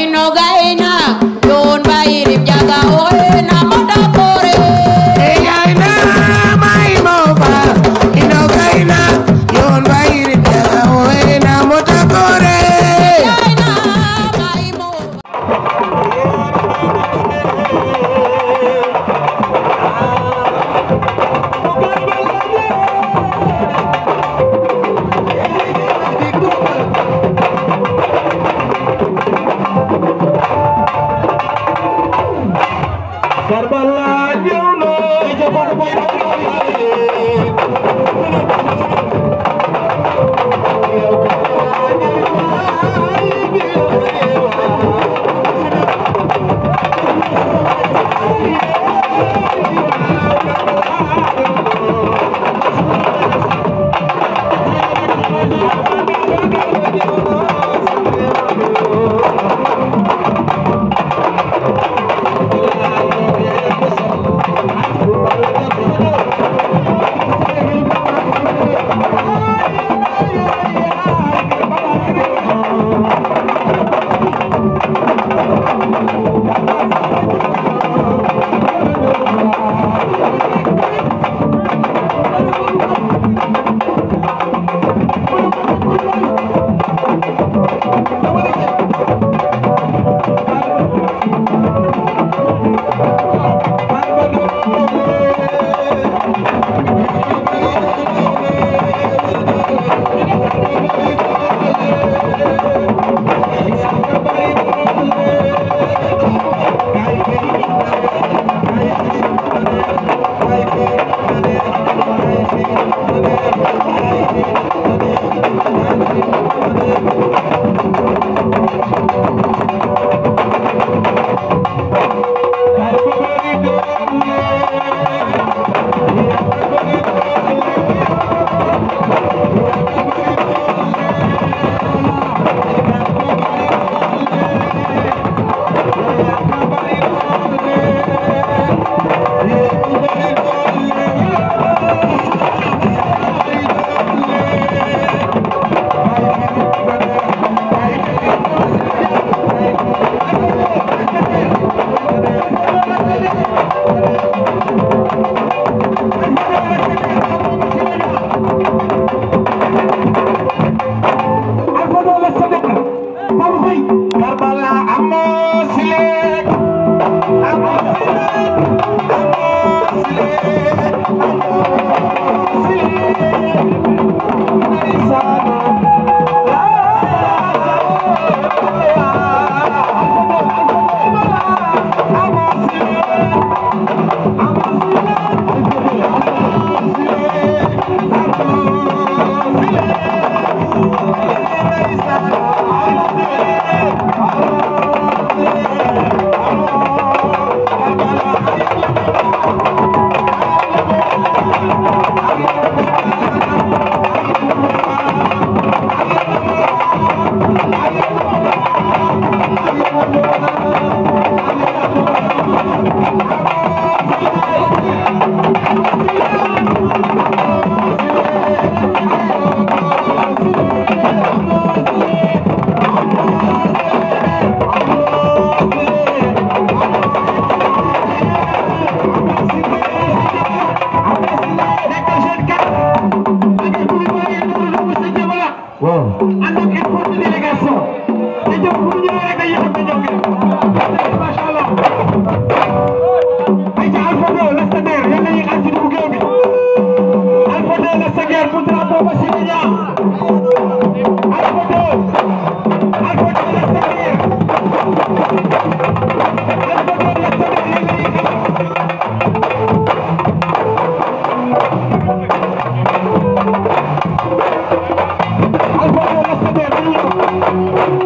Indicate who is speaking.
Speaker 1: inoga ina yon ba irip jaga oe na mama Karbala ñëw na
Speaker 2: Thank you. Thank you.